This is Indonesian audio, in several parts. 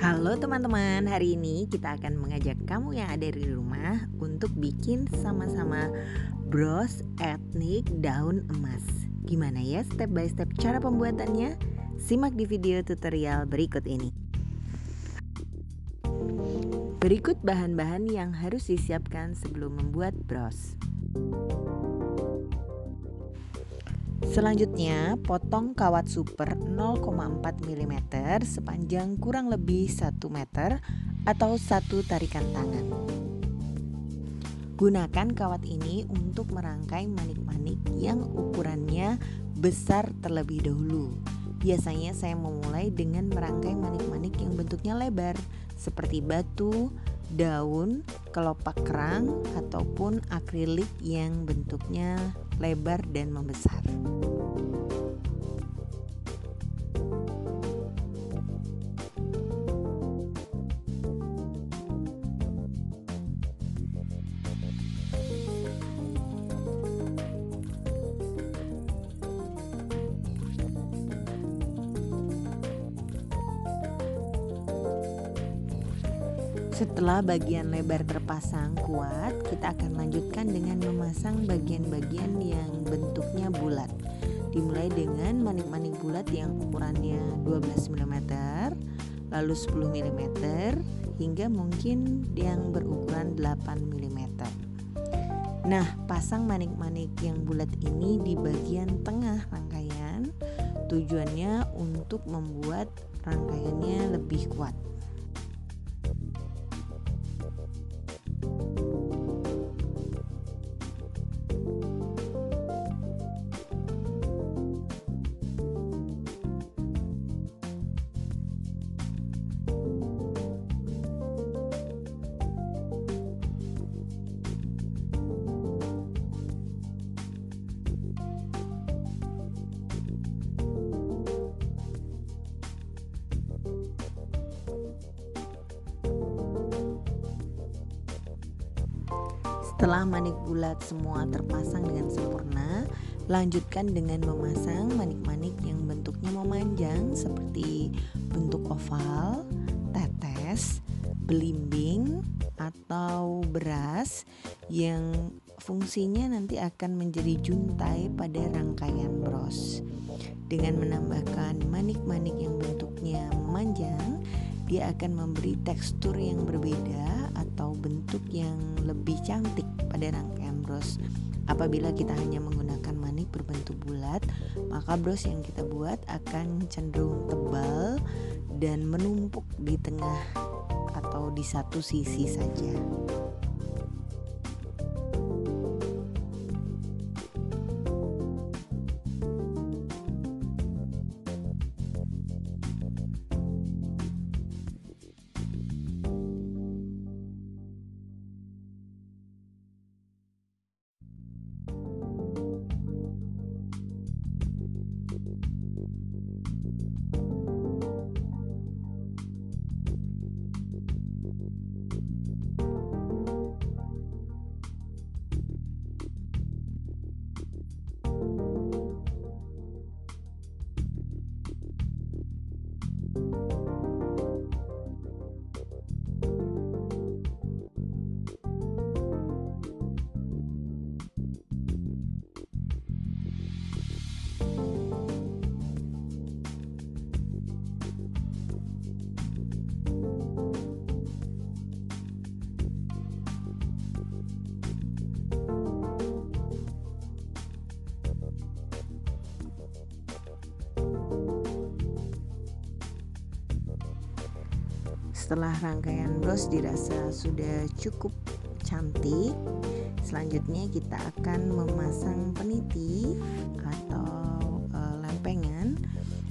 Halo teman-teman, hari ini kita akan mengajak kamu yang ada di rumah untuk bikin sama-sama bros etnik daun emas. Gimana ya step by step cara pembuatannya? Simak di video tutorial berikut ini. Berikut bahan-bahan yang harus disiapkan sebelum membuat bros. Selanjutnya, potong kawat super 0,4 mm sepanjang kurang lebih 1 meter atau satu tarikan tangan. Gunakan kawat ini untuk merangkai manik-manik yang ukurannya besar terlebih dahulu. Biasanya saya memulai dengan merangkai manik-manik yang bentuknya lebar seperti batu, daun, kelopak kerang, ataupun akrilik yang bentuknya lebar dan membesar. Setelah bagian lebar terpasang kuat, kita akan lanjutkan dengan memasang bagian-bagian yang bentuknya bulat. Dimulai dengan manik-manik bulat yang ukurannya 12 mm, lalu 10 mm, hingga mungkin yang berukuran 8 mm. Nah, pasang manik-manik yang bulat ini di bagian tengah rangkaian. Tujuannya untuk membuat rangkaiannya lebih kuat. Setelah manik bulat semua terpasang dengan sempurna, lanjutkan dengan memasang manik-manik yang bentuknya memanjang seperti bentuk oval, tetes, belimbing, atau beras yang fungsinya nanti akan menjadi juntai pada rangkaian bros. Dengan menambahkan manik-manik yang bentuknya memanjang, dia akan memberi tekstur yang berbeda atau bentuk yang lebih cantik pada rangkaian bros. Apabila kita hanya menggunakan manik berbentuk bulat, maka bros yang kita buat akan cenderung tebal dan menumpuk di tengah atau di satu sisi saja. Setelah rangkaian bros dirasa sudah cukup cantik, selanjutnya kita akan memasang peniti atau e, lempengan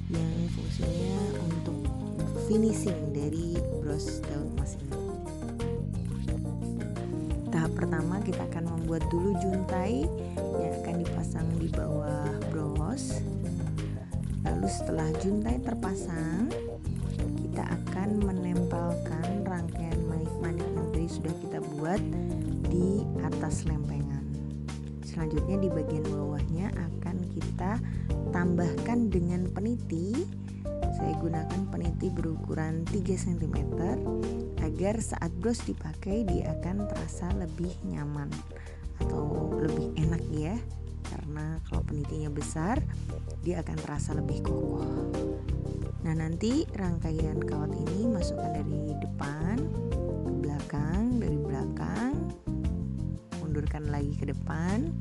yang fungsinya untuk finishing dari bros daun emas ini. Tahap pertama kita akan membuat dulu juntai yang akan dipasang di bawah bros. Lalu setelah juntai terpasang, kita akan menempelkan rangkaian manik-manik yang tadi sudah kita buat di atas lempengan selanjutnya di bagian bawahnya akan kita tambahkan dengan peniti saya gunakan peniti berukuran 3 cm agar saat bros dipakai dia akan terasa lebih nyaman atau lebih enak ya karena kalau penitinya besar dia akan terasa lebih kokoh Nah, nanti rangkaian kawat ini masukkan dari depan ke belakang, dari belakang mundurkan lagi ke depan.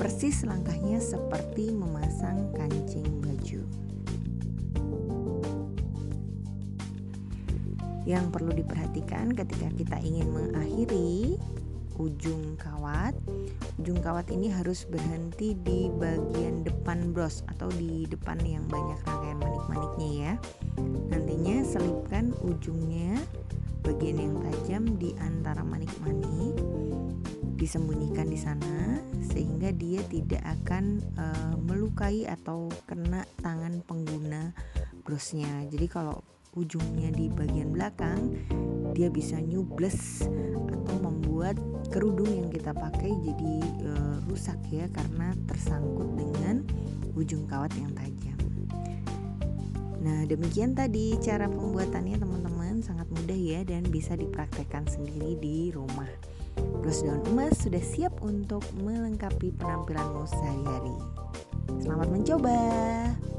Persis langkahnya seperti memasang kancing baju. Yang perlu diperhatikan ketika kita ingin mengakhiri ujung kawat. Ujung kawat ini harus berhenti di bagian depan bros atau di depan yang banyak rangkaian manik-maniknya ya. Nantinya selipkan ujungnya bagian yang tajam di antara manik-manik disembunyikan di sana sehingga dia tidak akan e, melukai atau kena tangan pengguna brosnya. Jadi kalau ujungnya di bagian belakang dia bisa nyubles atau membuat kerudung yang kita pakai jadi e, rusak ya karena tersangkut dengan ujung kawat yang tajam. Nah, demikian tadi cara pembuatannya teman-teman, sangat mudah ya dan bisa dipraktekkan sendiri di rumah. Plus daun emas sudah siap untuk melengkapi penampilanmu sehari-hari. Selamat mencoba.